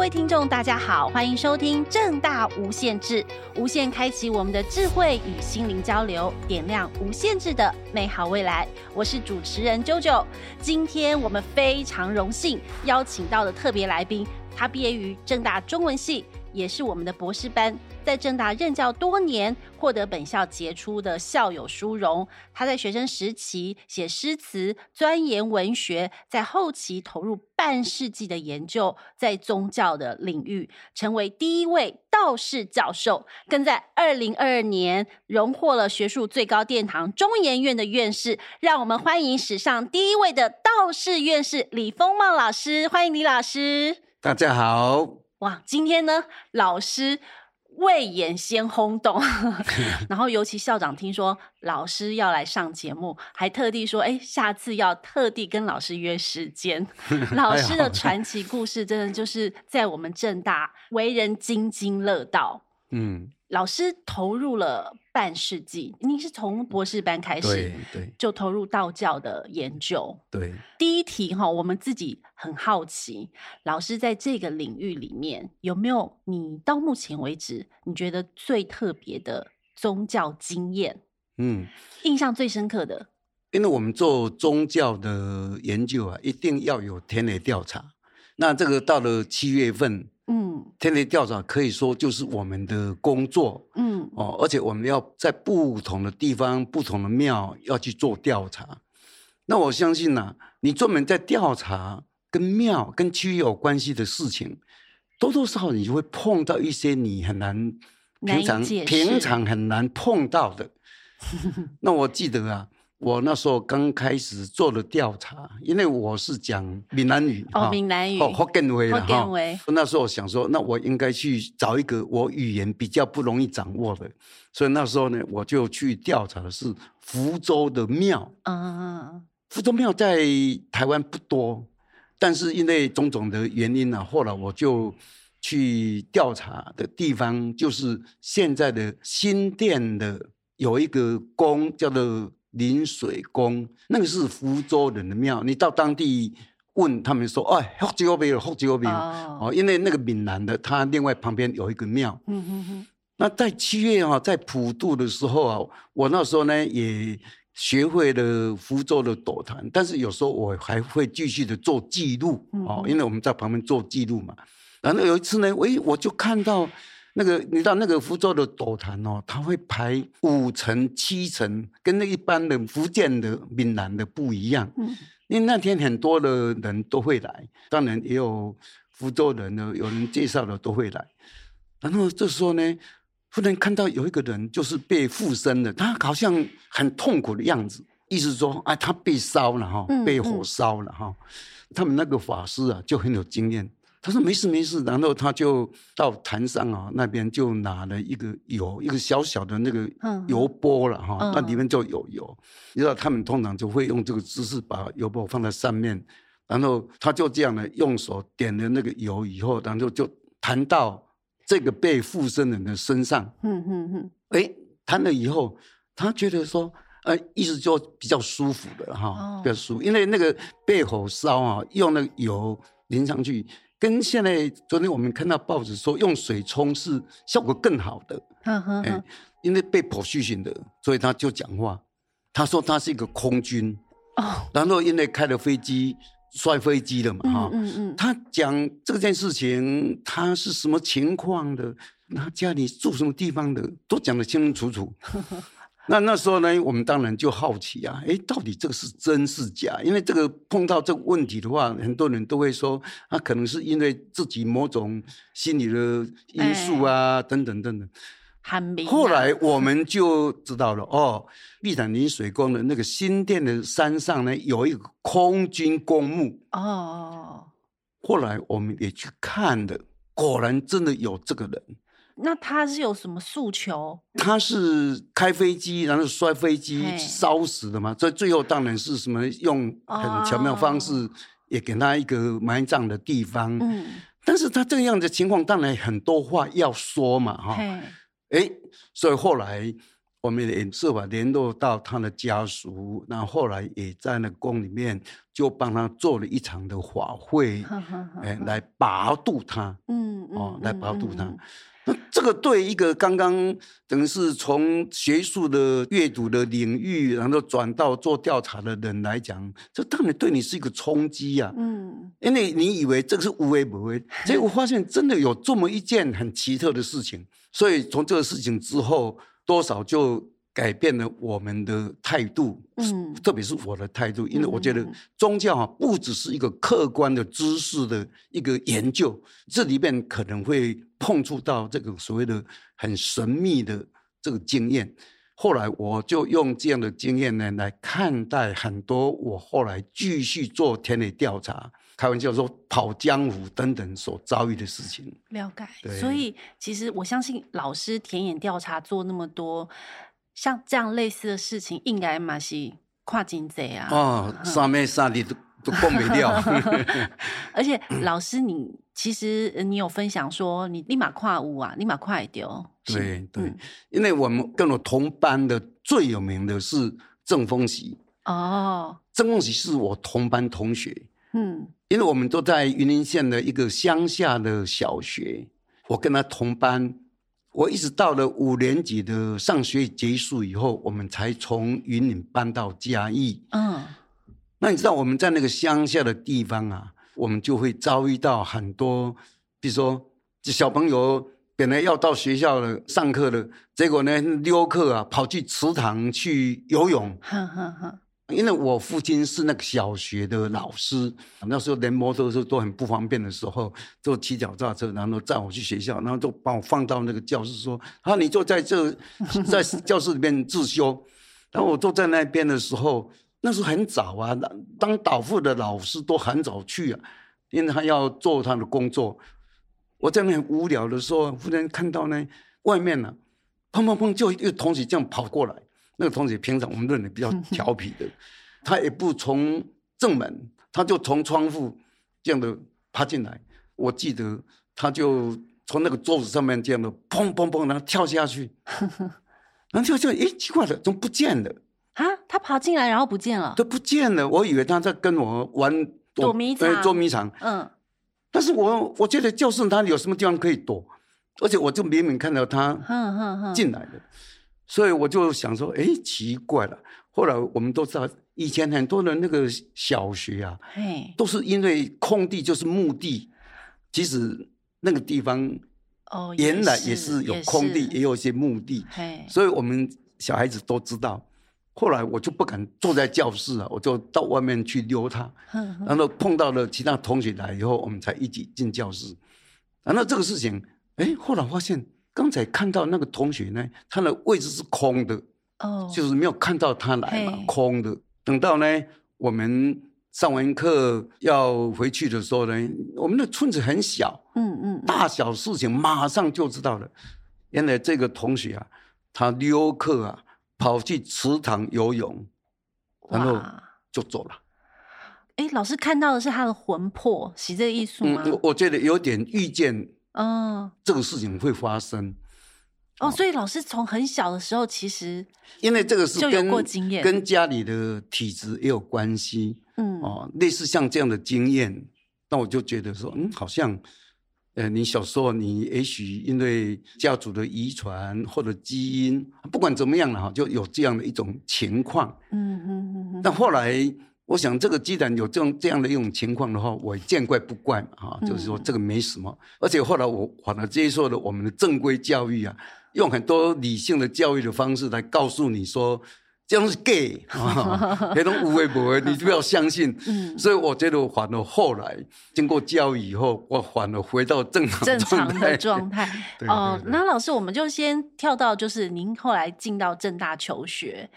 各位聽眾，大家好，歡迎收聽政大無限制，無限開啟我們的智慧與心靈交流，點亮無限制的美好未來。我是主持人 JoJo，jo，今天我們非常榮幸邀請到的特別來賓，他畢業於政大中文系，也是我們的博士班，在政大任教多年，獲得本校傑出的校友殊榮。他在學生時期寫詩詞、鑽研文學，在後期投入半世紀的研究，在宗教的領域成為第一位道士教授，更在二零二二年榮獲了學術最高殿堂中研院的院士。讓我們歡迎史上第一位的道士院士李豐楙老師歡迎李老師。大家好，哇，今天呢，老師。未演先轟動， 然後尤其校長聽說老師要來上節目，還特地說：“哎，下次要特地跟老師約時間。”老師的傳奇故事真的就是在我們政大為人津津樂道。 嗯。老師投入了半世紀，你是從博士班開始，就投入道教的研究。對，對第一題哈，我們自己很好奇，老師在這個領域裡面有沒有你到目前為止你覺得最特別的宗教經驗？嗯，印象最深刻的，因為我們做宗教的研究啊，一定要有田野調查。那這個到了七月份。嗯，田野調查可以說就是我們的工作。嗯，哦，而且我們要在不同的地方、不同的廟要去做調查。那我相信呢、啊，你專門在調查跟廟、跟區有關係的事情，多多少少你就會碰到一些你很難、平常平常很難碰到的。 那我記得啊。我那時候剛開始做了調查，因為我是講閩南語哦，閩南語，福建話，福建話。哦、那時候我想說，那我應該去找一個我語言比較不容易掌握的，所以那時候呢，我就去調查的是福州的廟。啊、嗯、福州廟在台灣不多，但是因為種種的原因呢、啊，後來我就去調查的地方就是現在的新店的有一個宮，叫做。臨水宮，那個是福州人的廟，你到當地問他們說，哎，福州廟沒有，福州廟沒有，哦，因為那個閩南的，他另外旁邊有一個廟。嗯、哼哼那在七月、啊、在普渡的時候啊，我那時候呢也學會了福州的斗壇，但是有時候我還會繼續的做記錄，嗯、哼因為我們在旁邊做記錄嘛。然後有一次呢，一、欸、我就看到。那個你知道，那個福州的斗壇哦，他會排五層、七層，跟那一般的福建的、閩南的不一樣。嗯，因為那天很多的人都會來，當然也有福州人呢，有人介紹的都會來。然後就說呢，忽然看到有一個人就是被附身了，他好像很痛苦的樣子，意思說啊，他被燒了哈，被火燒了哈。嗯嗯、他們那個法師啊，就很有經驗。他說沒事沒事，然後他就到壇上啊，那邊就拿了一個油，一個小小的那個油缽了、嗯嗯、哈，那裡面就有油。嗯、你知道他們通常就會用這個姿勢把油缽放在上面，然後他就這樣的用手點了那個油以後，然後就彈到這個被附身人的，的身上。嗯嗯嗯。嗯嗯誒彈了以後，他覺得說，呃，意思就比較舒服的哈，哦、比較舒，服，因為那個被火燒啊，用那個油淋上去。跟現在昨天我們看到報紙說用水沖是效果更好的。嗯哼、欸，因為被破緒性的，所以他就講話，他說他是一個空軍，哦、然後因為開了飛機，摔飛機了嘛，嗯、哦、嗯，嗯嗯，他講這件事情，他是什麼情況的，他家裡住什麼地方的，都講得清清楚楚。呵呵那那時候呢，我們當然就好奇啊，誒、欸，到底這個是真是假？因為這個碰到這個問題的話，很多人都會說，啊，可能是因為自己某種心理的因素啊，欸、等等等等。還沒。後來我們就知道了哦，碧潭陵水宮的那個新店的山上呢，有一個空軍公墓。哦哦哦。後來我們也去看的，果然真的有這個人。那他是有什麼訴求？他是開飛機，然後摔飛機燒死的嗎？嘿所以最後當然是什麼用很巧妙的方式也給他一個埋葬的地方。嗯、但是他這樣的情況，當然很多話要說嘛，哈、哦。哎嘿、欸，所以後來我們也設法聯絡到他的家屬，然後，後來也在那宮裡面就幫他做了一場的法會，哎、欸，來拔度他。嗯哦，嗯來拔度他。嗯嗯嗯這個對一個剛剛等於是從學術的閱讀的領域，然後轉到做調查的人來講，這當然對你是一個衝擊呀。嗯，因為你以為這個是無微不微，結果發現真的有這麼一件很奇特的事情，所以從這個事情之後，多少就。改變了我們的態度，嗯，特別是我的態度，嗯、因為我覺得宗教啊，不只是一個客觀的知識的一個研究，嗯、這裡面可能會碰觸到這個所謂的很神秘的這個經驗。後來我就用這樣的經驗呢，來看待很多我後來繼續做田野調查，開玩笑說跑江湖等等所遭遇的事情。了解，對所以其實我相信老師田野調查做那麼多。像這樣類似的事情，應該嘛是跨境賊啊！哦，上面上地都 都過不掉。 而且老師你，你其實你有分享說你，你立馬跨五，啊，立馬跨丟。對對，嗯、因為我們跟我同班的最有名的是鄭豐喜。哦，鄭豐喜是我同班同學。嗯，因為我們都在雲林縣的一個鄉下的小學，我跟他同班。我一直到了五年級的上學結束以後，我們才從雲林搬到嘉義。嗯，那你知道我們在那個鄉下的地方啊，我們就會遭遇到很多，比如說這小朋友本來要到學校了，上課了，結果呢溜課啊，跑去池塘去游泳。哈哈。因為我父親是那個小學的老師，那時候連摩托車都很不方便的時候，就騎腳踏車，然後載我去學校，然後就把我放到那個教室，說：“啊，你就在這，在教室裡面自修。”然後我坐在那邊的時候，那時候很早啊，當導護的老師都很早去啊，因為他要做他的工作。我在那邊很無聊的時候，忽然看到呢，外面呢、啊，砰砰砰，就一，一同學這樣跑過來。那個同學平常我們認為比較調皮的， 他也不從正門，他就從窗戶這樣的爬進來。我記得，他就從那個桌子上面這樣的砰砰砰，然後跳下去， 然後就就一哎，奇怪了，怎麼不見了？啊，他爬進來然後不見了？都不見了，我以為他在跟我玩躲迷藏，捉迷藏。呃、嗯，但是我我覺得就是他有什麼地方可以躲，而且我就明明看到他進來的。 所以我就想說，哎、欸，奇怪了。後來我們都知道，以前很多人那個小學啊，嘿都是因為空地就是墓地，其實那個地方原來也是有空地，也，也，也有一些墓地，嘿所以我們小孩子都知道。後來我就不敢坐在教室了、啊，我就到外面去溜達。呵呵然後碰到了其他同學來以後，我們才一起進教室。然後這個事情，哎、欸，後來發現。剛才看到那個同學呢，他的位置是空的，哦，oh, 就是沒有看到他來嘛，Hey. 空的。等到呢，我們上完課要回去的時候呢，我們的村子很小，嗯嗯，嗯大小事情馬上就知道了。原來這個同學啊，他溜課啊，跑去池塘游泳，然後就走了。哎，老師看到的是他的魂魄，是這個意思嗎？我、嗯、我覺得有點預見。嗯，哦、這個事情會發生。哦，哦，所以老師從很小的時候其實因為這個是就有過經驗，跟家裡的體質也有關係。嗯，哦，類似像這樣的經驗，那我就覺得說，嗯，好像，呃，你小時候你也許因為家族的遺傳或者基因，不管怎麼樣了哈，就有這樣的一種情況。嗯嗯嗯。但後來。我想，這個既然有這樣這樣的一種情況的話，我也見怪不怪嘛，哈、啊，就是說這個沒什麼。嗯、而且後來我反而接受了我們的正規教育啊，用很多理性的教育的方式來告訴你說，這樣是 gay 這、啊、種誤不會，你就不要相信。嗯、所以我覺得，反而後來經過教育以後，我反而回到正常正常的狀態。 對哦，對對對，那老師，我們就先跳到就是您後來進到政大求學。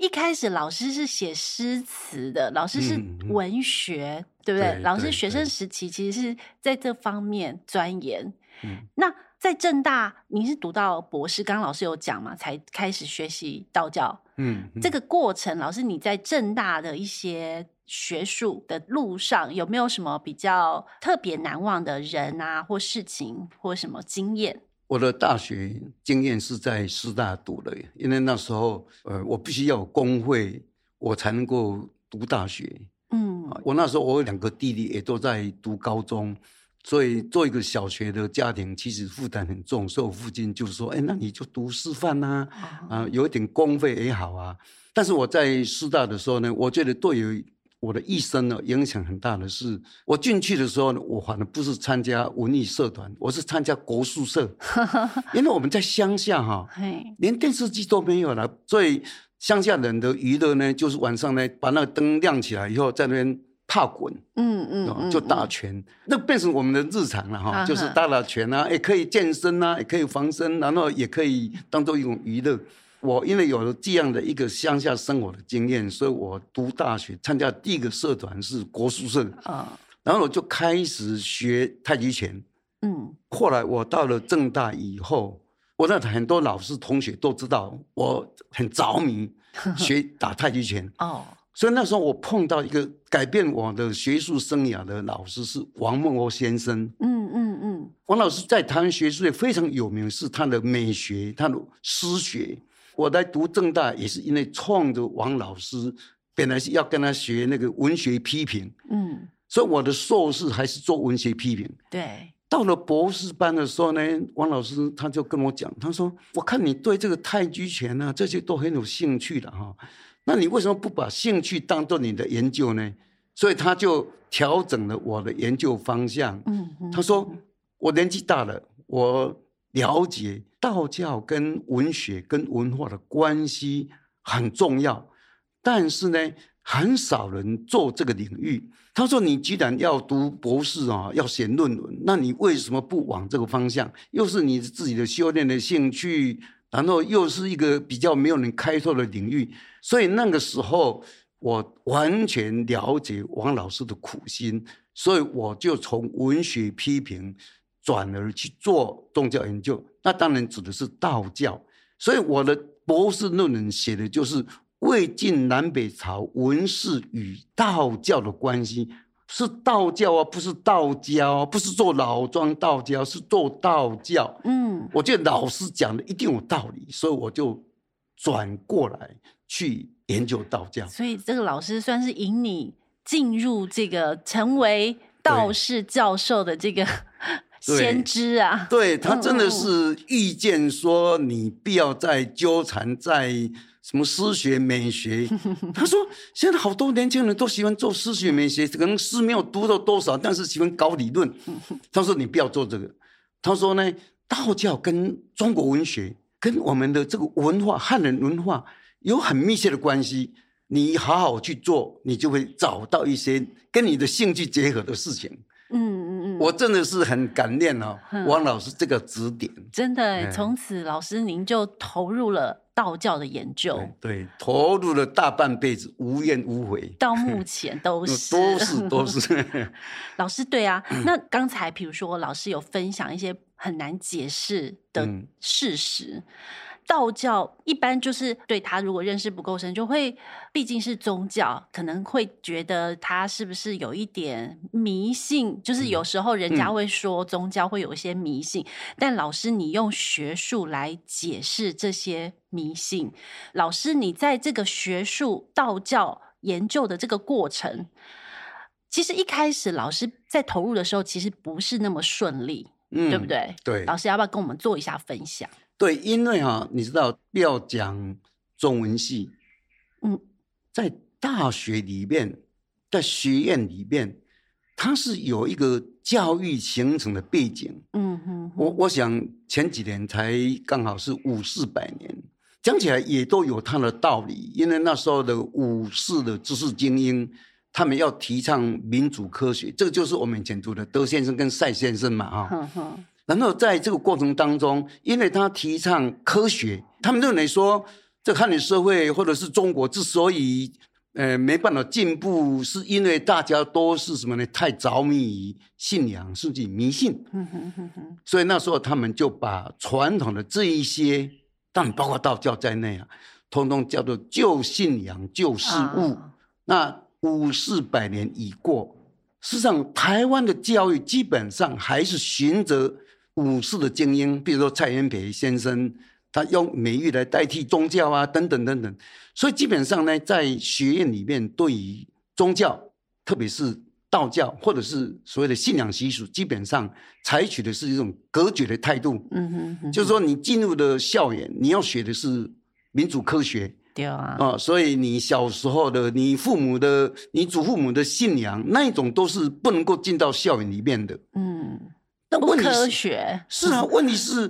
一開始老師是寫詩詞的，老師是文學，嗯嗯、對不對？對對對，老師學生時期其實是在這方面鑽研。嗯、那在政大，你是讀到博士，剛剛老師有講嘛，才開始學習道教。嗯，嗯這個過程，老師你在政大的一些學術的路上，有沒有什麼比較特別難忘的人啊，或事情，或什麼經驗？我的大學經驗是在師大讀的，因為那時候，呃，我必須要有公費，我才能夠讀大學。嗯、啊，我那時候我有兩個弟弟也都在讀高中，所以做一個小學的家庭，其實負擔很重，所以我父親就說：“哎、欸，那你就讀師範吶、啊，啊，有一點公費也好啊。”但是我在師大的時候呢，我覺得對於我的一生呢，影響很大的是，我進去的時候呢，我反正不是參加文藝社團，我是參加國術社。因為我們在鄉下哈，連電視機都沒有了，所以鄉下人的娛樂呢，就是晚上呢，把那個燈亮起來以後，在那邊踏滾，嗯嗯，就打拳，那變成我們的日常了哈，就是打打拳，也可以健身，也可以防身，然後也可以當做一種娛樂。我因為有了這樣的一個鄉下生活的經驗，所以我讀大學參加第一個社團是國術社，啊，然後我就開始學太極拳，嗯，後來我到了政大以後，我的很多老師同學都知道我很着迷學打太極拳，哦呵，所以那時候我碰到，一個改變我的學術生涯的老師是王夢鷗先生，嗯嗯嗯，嗯嗯王老師在台灣學術界非常有名，是他的美學，他的詩學。我在讀政大也是因為衝著王老師，本來是要跟他學那個文學批評，嗯，所以我的碩士還是做文學批評。對到了博士班的時候呢，王老師他就跟我講，他說：“我看你對這個太極拳啊，這些都很有興趣的哈，那你為什麼不把興趣當做你的研究呢？”所以他就調整了我的研究方向。嗯哼，他說：“我年紀大了，我了解。”道教跟文學跟文化的關係很重要，但是呢，很少人做這個領域。他說：“你既然要讀博士啊，要寫論文，那你為什麼不往這個方向？又是你自己的修煉的興趣，然後又是一個比較沒有人開拓的領域。所以那個時候，我完全了解王老師的苦心，所以我就從文學批評轉而去做宗教研究。”那當然指的是道教，所以我的博士論文寫的就是魏晉南北朝文士與道教的關係，是道教啊，不是道家啊，不是做老莊道家，是做道教。嗯，我覺得老師講的一定有道理，所以我就轉過來去研究道教。所以這個老師算是引你進入這個成為道士教授的這個。對先知啊，對，他真的是預見說你不要再糾纏、嗯、在什麼詩學美學，他說現在好多年輕人都喜歡做詩學美學，可能詩沒有讀到多少，但是喜歡搞理論。他說你不要做這個，他說呢，道教跟中國文學跟我們的這個文化漢人文化有很密切的關係，你好好去做，你就會找到一些跟你的興趣結合的事情。嗯。我真的是很感念哦，王老師這個指點。嗯、真的、欸，從此老師您就投入了道教的研究。對，對，投入了大半輩子，無怨無悔。到目前都是都是都是。老師，對啊，那剛才比如說老師有分享一些很難解釋的事實。嗯道教一般就是對他如果認識不夠深，就會畢竟是宗教，可能會覺得他是不是有一點迷信。就是有時候人家會說宗教會有一些迷信。嗯嗯、但老師，你用學術來解釋這些迷信，老師你在這個學術道教研究的這個過程，其實一開始老師在投入的時候，其實不是那麼順利，嗯，對不對？對，老師要不要跟我們做一下分享？對，因為哈，你知道要講中文系，嗯，在大學裡面，在學院裡面，它是有一個教育形成的背景。嗯哼哼。我，我想前幾年才剛好是五四百年，講起來也都有它的道理。因為那時候的五四的知識精英，他們要提倡民主科學，這個就是我們以前讀的德先生跟賽先生嘛，哈、哦。嗯然後在這個過程當中，因為他提倡科學，他們認為說，這個、漢人社會或者是中國之所以呃沒辦法進步，是因為大家都是什麼呢？太着迷於信仰甚至迷信。嗯嗯嗯嗯、所以那時候他們就把傳統的這一些，當然包括道教在內啊，通通叫做舊信仰、舊事物。啊、那五四百年已過，實際上台灣的教育基本上還是循着。五四的精英，比如說蔡元培先生，他用美育來代替宗教啊，等等等等。所以基本上呢，在學院裡面，對於宗教，特別是道教或者是所謂的信仰習俗，基本上採取的是一種隔絕的態度。嗯哼，嗯哼，就是說你進入的校園，你要學的是民主科學。對啊。啊、哦，所以你小時候的、你父母的、你祖父母的信仰，那一種都是不能夠進到校園裡面的。嗯。不科學是啊。嗯、問題是，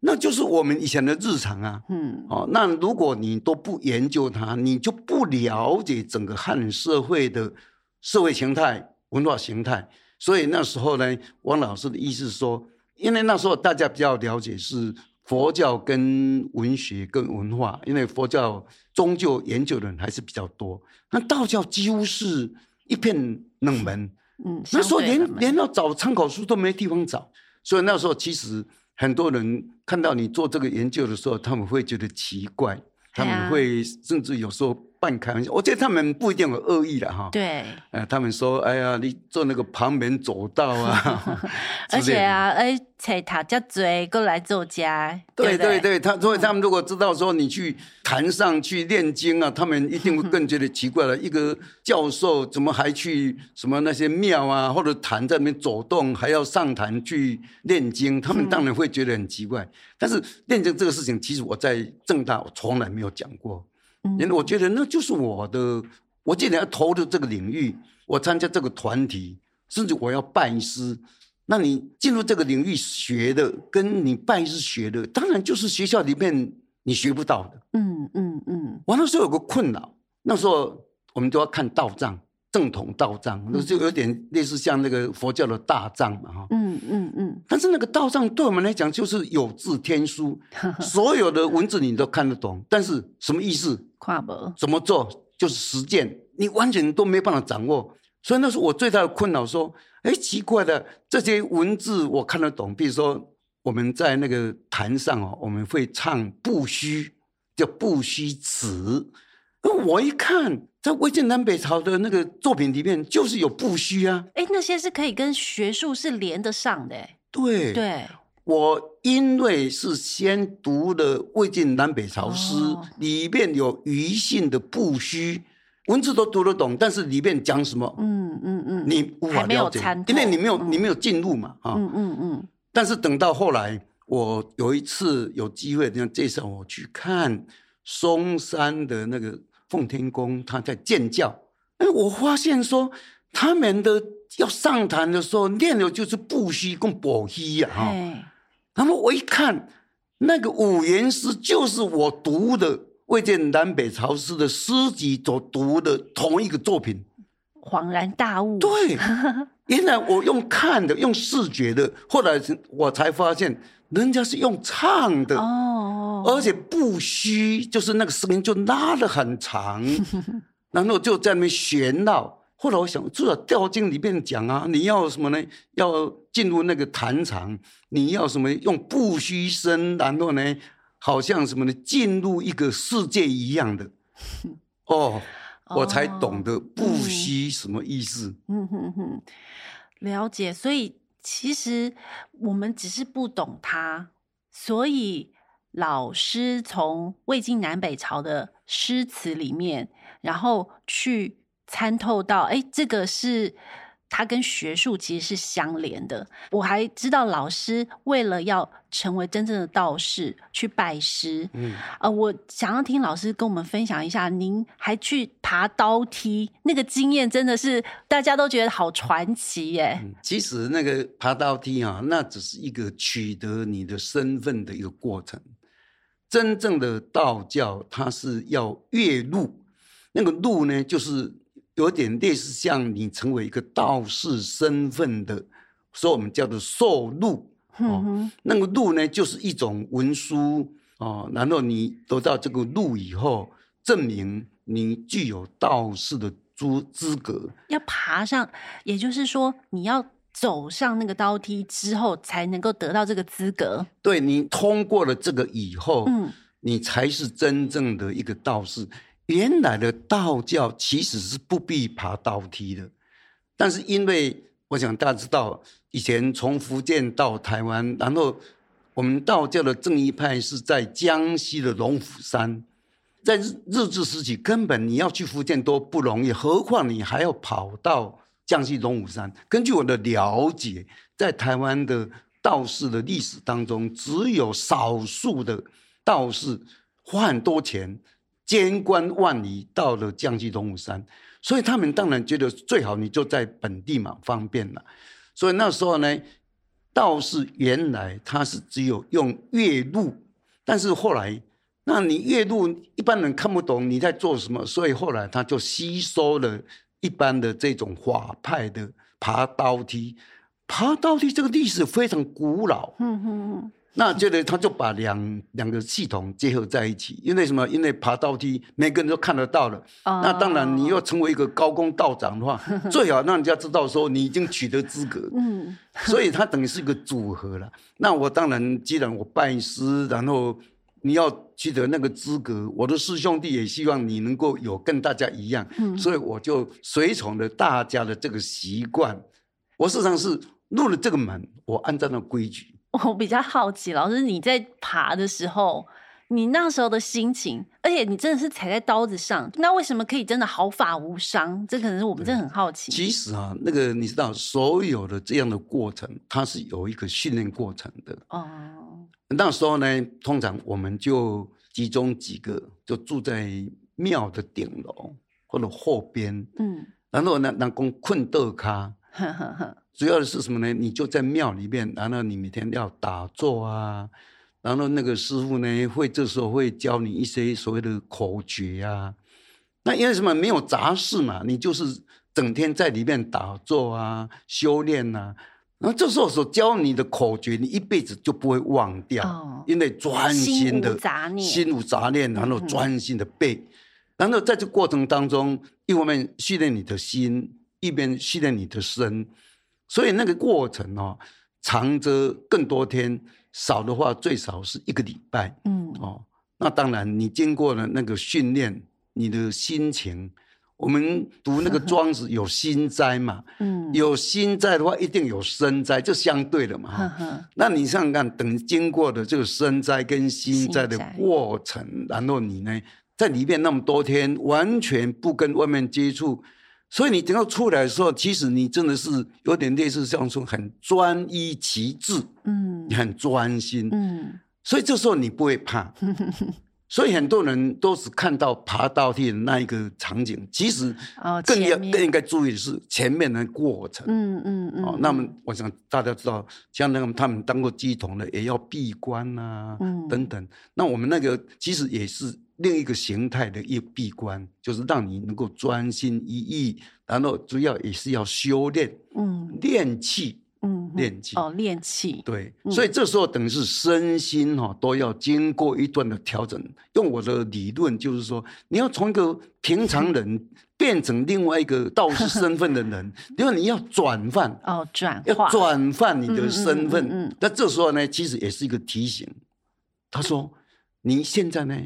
那就是我們以前的日常啊，嗯，哦，那如果你都不研究它，你就不了解整個漢人社會的社會形態、文化形態。所以那時候呢，王老師的意思是說，因為那時候大家比較了解是佛教跟文學跟文化，因為佛教宗教研究的人還是比較多，那道教幾乎是一片冷門。嗯嗯，那時候連連到找參考書都沒地方找，所以那時候其實很多人看到你做這個研究的時候，他們會覺得奇怪，哎、呀他們會甚至有時候。半開玩笑，我覺得他們不一定有惡意的哈。對，呃，他們說：“哎呀，你坐那個旁邊走道啊。 ”而且啊，哎，踩他腳嘴過來做家。對對對，嗯、他所以他們如果知道說你去壇上去念經啊，他們一定會更覺得奇怪了。嗯、哼一個教授怎麼還去什麼那些廟啊或者壇在那邊走動，還要上壇去念經？他們當然會覺得很奇怪。嗯、但是念經這個事情，其實我在政大我從來沒有講過。因為、嗯、我覺得那就是我的，我既然要投入這個領域，我參加這個團體，甚至我要拜師，那你進入這個領域學的，跟你拜師學的，當然就是學校裡面你學不到的。嗯嗯嗯。我、嗯嗯、那時候有個困擾，那時候我們都要看道藏，正統道藏，那就有點類似像那個佛教的大藏嘛哈、嗯。嗯嗯嗯。但是那個道藏對我們來講就是有字天書，呵呵所有的文字你都看得懂，但是什麼意思？怎麼做？就是實踐，你完全都沒辦法掌握，所以那是我最大的困擾。說，哎、欸，奇怪的，這些文字我看得懂。比如說，我們在那個壇上啊，我們會唱「步虛」，叫「步虛詞」。我一看，在魏晉南北朝的那個作品裡面，就是有「步虛」啊。哎、欸，那些是可以跟學術是連得上的、欸。對對。對我因為是先讀了《魏晉南北朝詩》，哦、裡面有庾信的《步虛》，文字都讀得懂，但是裡面講什麼，嗯嗯嗯，嗯嗯你無法了解，因為你沒有、嗯、你沒有進入嘛，嗯嗯嗯。但是等到後來，我有一次有機會，人家介紹我去看嵩山的那個奉天宮，他在建醮，我發現說他們的要上壇的時候念的，練了就是布跟布、啊《步虛》跟寶虛》然後我一看，那個五言詩就是我讀的《魏晉南北朝詩的詩集》所讀的同一個作品，恍然大悟。對， 原來我用看的、用視覺的，後來我才發現人家是用唱的，哦，oh. 而且不虛，就是那個聲音就拉得很長， 然後就在那邊喧鬧。後來我想，至少道經裡面講啊，你要什麼呢？要進入那個壇場，你要什麼？用步虛聲，然後呢，好像什麼呢？進入一個世界一樣的。哦、oh,，oh, 我才懂得步虛什麼意思。哦、嗯哼哼、嗯嗯嗯，了解。所以其實我們只是不懂它，所以老師從魏晉南北朝的詩詞裡面，然後去。參透到，哎，這個是它跟學術其實是相連的。我還知道老師為了要成為真正的道士去拜師，嗯，啊、呃，我想要聽老師跟我們分享一下，您還去爬刀梯，那個經驗真的是大家都覺得好傳奇耶，嗯。其實那個爬刀梯啊，那只是一個取得你的身份的一個過程。真正的道教它是要越籙，那個籙呢就是。有點類似像你成為一個道士身份的，所以我們叫做授籙。嗯、哼哦，那個籙呢，就是一種文書哦，然後你得到這個籙以後，證明你具有道士的資資格。要爬上，也就是說，你要走上那個刀梯之後，才能夠得到這個資格。對，你通過了這個以後，嗯、你才是真正的一個道士。原來的道教其實是不必爬刀梯的，但是因為我想大家知道，以前從福建到台灣，然後我們道教的正一派是在江西的龍虎山，在日日治時期根本你要去福建都不容易，何況你還要跑到江西龍虎山。根據我的了解，在台灣的道士的歷史當中，只有少數的道士花很多錢。監關萬里到了江西龍虎山，所以他們當然覺得最好你就在本地嘛，方便了。所以那時候呢，道士原來他是只有用月路，但是後來，那你月路一般人看不懂你在做什麼，所以後來他就吸收了一般的這種法派的爬刀梯，爬刀梯這個歷史非常古老。嗯那覺得他就把兩兩、嗯、個系統結合在一起，因為什麼？因為爬刀梯每個人都看得到了。嗯、那當然，你要成為一個高功道長的話，嗯、最好讓人家知道說你已經取得資格嗯。嗯，所以他等於是一個組合了。那我當然，既然我拜師，然後你要取得那個資格，我的師兄弟也希望你能夠有跟大家一樣。嗯，所以我就隨從了大家的這個習慣。我事實上是入了這個門，我按照那規矩。我比較好奇，老師你在爬的時候，你那時候的心情，而且你真的是踩在刀子上，那為什麼可以真的毫髮無傷？這可能是我們真的很好奇。嗯，其實啊，那個你知道，所有的這樣的過程，它是有一個訓練過程的。哦，那時候呢，通常我們就集中幾個，就住在廟的頂樓或者後邊。嗯，然後呢，那工困豆咖。呵呵呵主要的是什麼呢？你就在廟裡面，然後你每天要打坐啊，然後那個師傅呢會這時候會教你一些所謂的口訣啊。那因為什麼？沒有雜事嘛，你就是整天在裡面打坐啊、修煉啊。然後這時候所教你的口訣，你一輩子就不會忘掉，哦、因為專心的心無雜念，心無雜念，然後專心的背。嗯、然後在這過程當中，一方面訓練你的心，一邊訓練你的身。所以那個過程哦，長則更多天，少的話最少是一個禮拜。嗯哦，那當然你經過了那個訓練，你的心情，我們讀那個莊子有心齋嘛呵呵？嗯，有心齋的話，一定有身齋，就相對的嘛。哈哈呵，那你想想看等經過的這個身齋跟心齋的過程，災然後你呢，在裡面那麼多天，完全不跟外面接觸。所以你等到出來的時候，其實你真的是有點類似，像說很專一、極致，嗯，你很專心，嗯，所以這時候你不會怕。嗯、所以很多人都是看到爬到梯的那一個場景，其實更要面更應該注意的是前面的過程，嗯嗯嗯。嗯嗯哦，那麼我想大家知道，像那個他們當過乩童的，也要閉關吶、啊，嗯、等等。那我們那個其實也是，另一個形態的一個閉關，就是讓你能夠專心一意，然後主要也是要修煉，嗯，練氣，嗯哼，練氣，哦，練氣，對，嗯、所以這時候等於是身心哈、哦、都要經過一段的調整。用我的理論就是說，你要從一個平常人變成另外一個道士身份的人，因為、嗯、 你要轉換，哦，轉換，要轉換你的身份。嗯，嗯，嗯，嗯，嗯，那這時候呢，其實也是一個提醒，他說，嗯、你現在呢？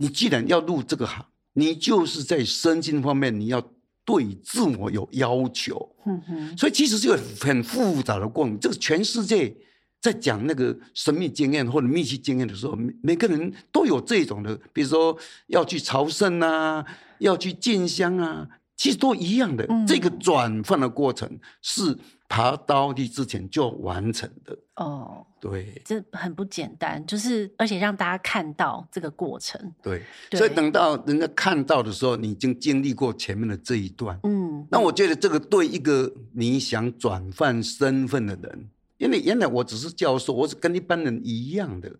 你既然要入這個行，你就是在身心方面你要對自我有要求。嗯嗯。所以其實是個很複雜的過程。這個全世界在講那個神秘經驗或者密契經驗的時候，每個人都有這種的，比如說要去朝聖啊，要去進香啊。其實都一樣的，嗯、這個轉換的過程是爬刀梯之前就完成的。哦，對，這很不簡單，就是而且讓大家看到這個過程。對，對，所以等到人家看到的時候，你已經經歷過前面的這一段。嗯，那我覺得這個對一個你想轉換身份的人，嗯、因為原來我只是教授，我是跟一般人一樣的。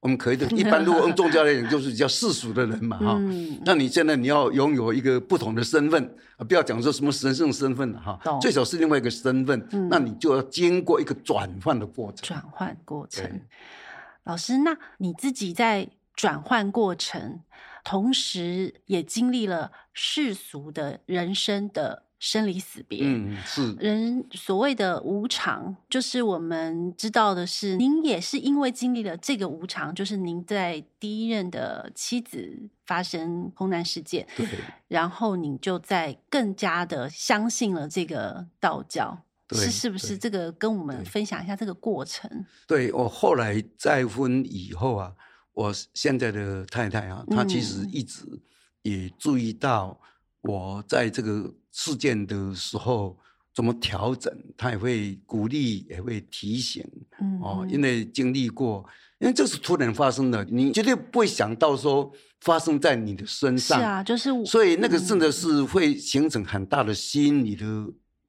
我們可以的，一般如果用宗教來講，就是比較世俗的人嘛，哈、 嗯。那你現在你要擁有一個不同的身份，啊，不要講說什麼神聖身份了，哈、嗯，最少是另外一個身份，嗯、那你就要經過一個轉換的過程。轉換過程，對老師，那你自己在轉換過程，同時也經歷了世俗的人生的。生離死別，嗯，人所謂的無常，就是我們知道的是，您也是因為經歷了這個無常，就是您在第一任的妻子發生空難事件，對，然後您就再更加的相信了這個道教，對是，是不是？這個跟我們分享一下這個過程。對，對，對，我後來再婚以後啊，我現在的太太啊，她其實一直也注意到，嗯。我在這個事件的時候怎麼調整，他也會鼓勵，也會提醒，嗯、哦，因為經歷過，因為這是突然發生的，你絕對不會想到說發生在你的身上，是啊，就是，所以那個真的是會形成很大的心理的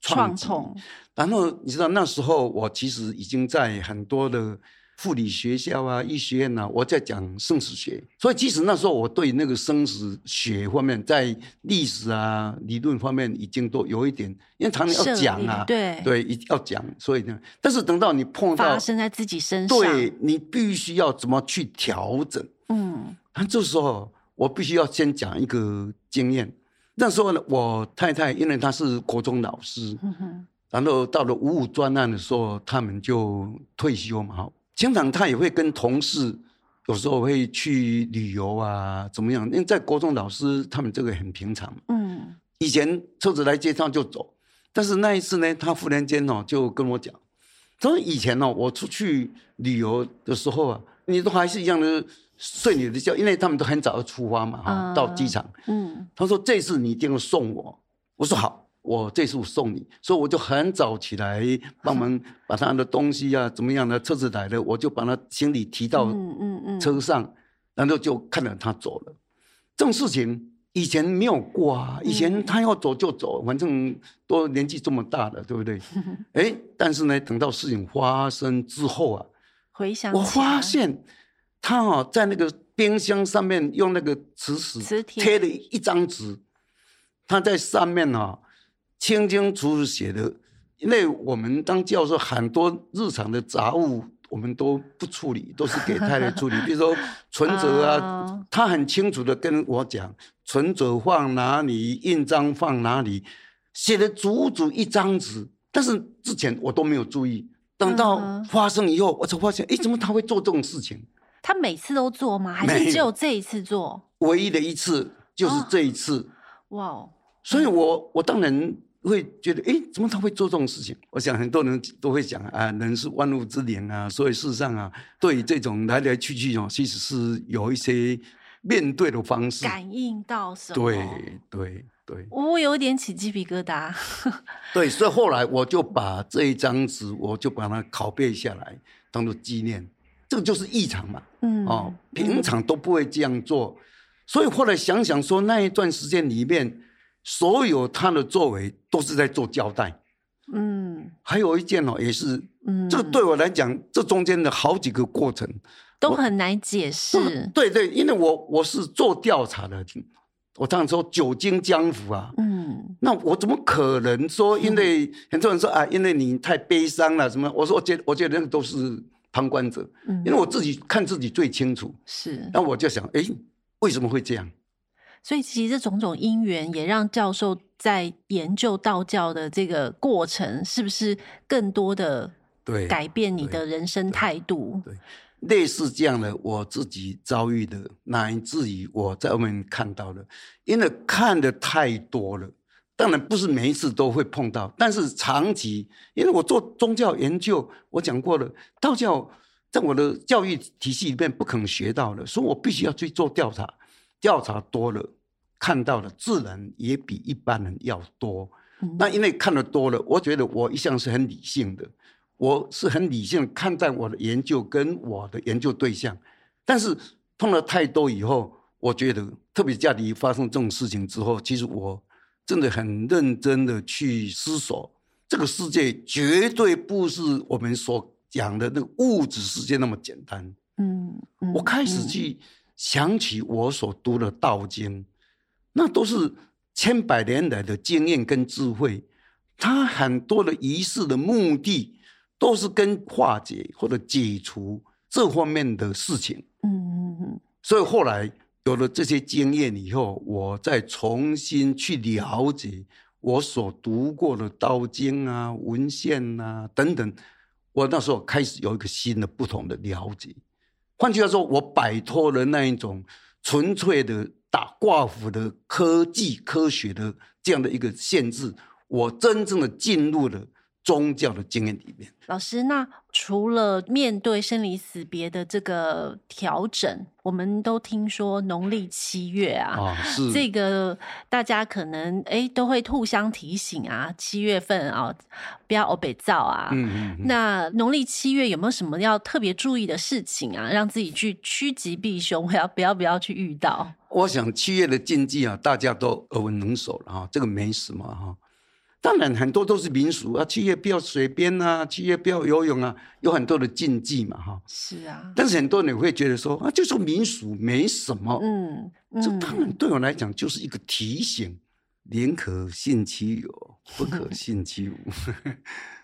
創痛。嗯、創痛。然後你知道那時候，我其實已經在很多的。護理學校啊，醫學院啊，我在講生死學，所以即使那時候我對那個生死學方面，在歷史啊、理論方面已經都有一點，因為常常要講啊，對對，要講，所以呢，但是等到你碰到發生在自己身上，對你必須要怎麼去調整，嗯，那這時候我必須要先講一個經驗，那時候呢，我太太因為她是國中老師，嗯、哼然後到了五五專案的時候，他們就退休嘛，經常他也會跟同事，有時候會去旅遊啊，怎麼樣？因為在國中老師他們這個很平常。嗯，以前車子來接他就走，但是那一次呢，他忽然間哦就跟我講，他說以前哦我出去旅遊的時候啊，你都還是一樣的睡你的覺，嗯、因為他們都很早就出發嘛，哈、嗯，到機場。嗯，他說這次你一定要送我，我說好。我這次我送你，所以我就很早起來幫忙把他的東西呀、啊，嗯、怎麼樣的車子來了，我就把他行李提到車上，嗯嗯、然後就看着他走了。這種事情以前沒有過啊，以前他要走就走，反正都年紀這麼大了，對不對？哎，但是呢，等到事情發生之後啊，回想我發現他啊、哦，在那個冰箱上面用那個磁石貼了一張紙，磁鐵，他在上面啊、哦。清清楚楚寫的，因為我們當教授很多日常的雜務，我們都不處理，都是給太太處理。 比如說存折啊，uh、他很清楚的跟我講存折放哪裡，印章放哪裡，寫了足足一張紙，但是之前我都沒有注意。等到發生以後，我才發現，哎、欸，怎麼他會做這種事情、嗯？他每次都做嗎？還是只有這一次做？唯一的一次就是這一次。哇哦、uh！Wow. 所以我，我我當然。會覺得，哎，怎麼他會做這種事情？我想很多人都會想啊，人是萬物之靈啊，所以事實上啊，對於這種來來去去哦，其實是有一些面對的方式，感應到什麼？對對對，我有點起雞皮疙瘩。 對，所以後來我就把這一張紙，我就把它拷貝下來，當做紀念。這個就是異常嘛，嗯，哦，平常都不會這樣做，嗯、所以後來想想說，那一段時間裡面。所有他的作為都是在做交代，嗯，還有一件哦，也是，嗯，這個對我來講，這中間的好幾個過程都很難解釋。對，對對，因為我我是做調查的，我常，常說久經江湖啊，嗯，那我怎麼可能說？因為、嗯、很多人說啊，因為你太悲傷了，什麼？我說我覺我覺得那個都是旁觀者，嗯、因為我自己看自己最清楚。是。那我就想，哎、欸，為什麼會這樣？所以，其實這種種因緣也讓教授在研究道教的這個過程，是不是更多的對改變你的人生態度，對對對？對，類似這樣的我自己遭遇的，乃至於我在外面看到的，因為看得太多了。當然不是每一次都會碰到，但是長期，因為我做宗教研究，我講過了，道教在我的教育體系裡面不肯學到的，所以我必須要去做調查。調查多了，看到的自然也比一般人要多。嗯，那因為看得多了，我覺得我一向是很理性的，我是很理性地看待我的研究跟我的研究對象。但是碰了太多以後，我覺得，特別家裡發生這種事情之後，其實我真的很認真的去思索，這個世界絕對不是我們所講的那個物質世界那麼簡單。嗯，嗯，嗯，我開始去想起我所讀的道經，那都是千百年來的經驗跟智慧。它很多的儀式的目的，都是跟化解或者解除這方面的事情。嗯嗯嗯。所以後來有了這些經驗以後，我再重新去了解我所讀過的道經啊、文獻啊等等。我那時候開始有一個新的、不同的了解。換句話說，我擺脫了那一種純粹的打掛符的科技科學的這樣的一個限制，我真正的進入了。宗教的經驗裡面。老師，那除了面對生離死別的這個調整，我們都聽說農曆七月啊，啊這個大家可能哎、欸、都會互相提醒啊，七月份啊、哦、不要烏白走啊。嗯嗯，嗯那農曆七月有沒有什麼要特別注意的事情啊，讓自己去趨吉避凶？還要不要不要去遇到？我想七月的禁忌啊，大家都耳熟能詳了哈、啊，這個沒什麼哈、啊。當然，很多都是民俗啊，七月不要水邊啊，七月不要游泳啊，有很多的禁忌嘛，哈。是啊。但是很多人會覺得說啊，就說民俗沒什麼。嗯。這、嗯、當然對我來講就是一個提醒，寧可信其有，不可信其無。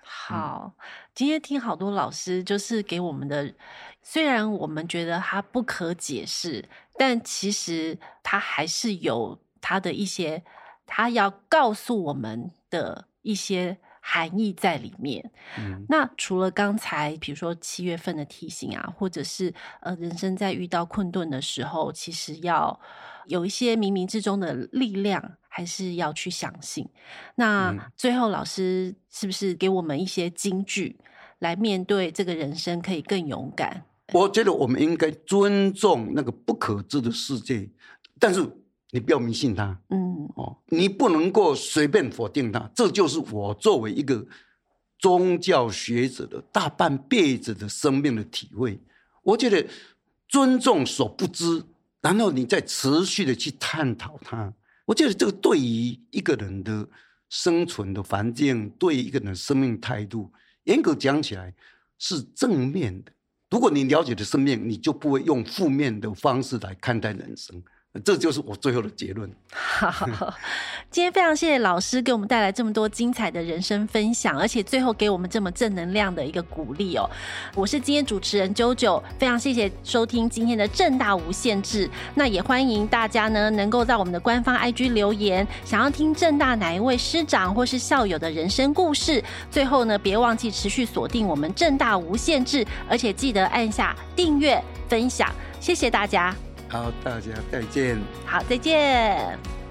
好，今天聽好多老師，就是給我們的，雖然我們覺得它不可解釋，但其實它還是有它的一些。他要告訴我們的一些含義在裡面。嗯、那除了剛才，比如說七月份的提醒啊，或者是呃，人生在遇到困頓的時候，其實要有一些冥冥之中的力量，還是要去相信。那最後，老師是不是給我們一些金句，來面對這個人生，可以更勇敢？我覺得我們應該尊重那個不可知的世界，但是。你不要迷信他，嗯，哦，你不能夠隨便否定他。這就是我作為一個宗教學者的大半輩子的生命的體會。我覺得尊重所不知，然後你再持續的去探討它。我覺得這個對於一個人的生存的環境，對一個人的生命態度，嚴格講起來是正面的。如果你了解了生命，你就不會用負面的方式來看待人生。這就是我最後的結論。好，好，好，今天非常謝謝老師給我們帶來這麼多精彩的人生分享，而且最後給我們這麼正能量的一個鼓勵哦。我是今天主持人九九，非常謝謝收聽今天的政大無限制。那也歡迎大家呢，能夠在我們的官方 IG 留言，想要聽政大哪一位師長或是校友的人生故事。最後呢，別忘記持續鎖定我們政大無限制，而且記得按下訂閱分享。謝謝大家。好，大家再見。好，再見。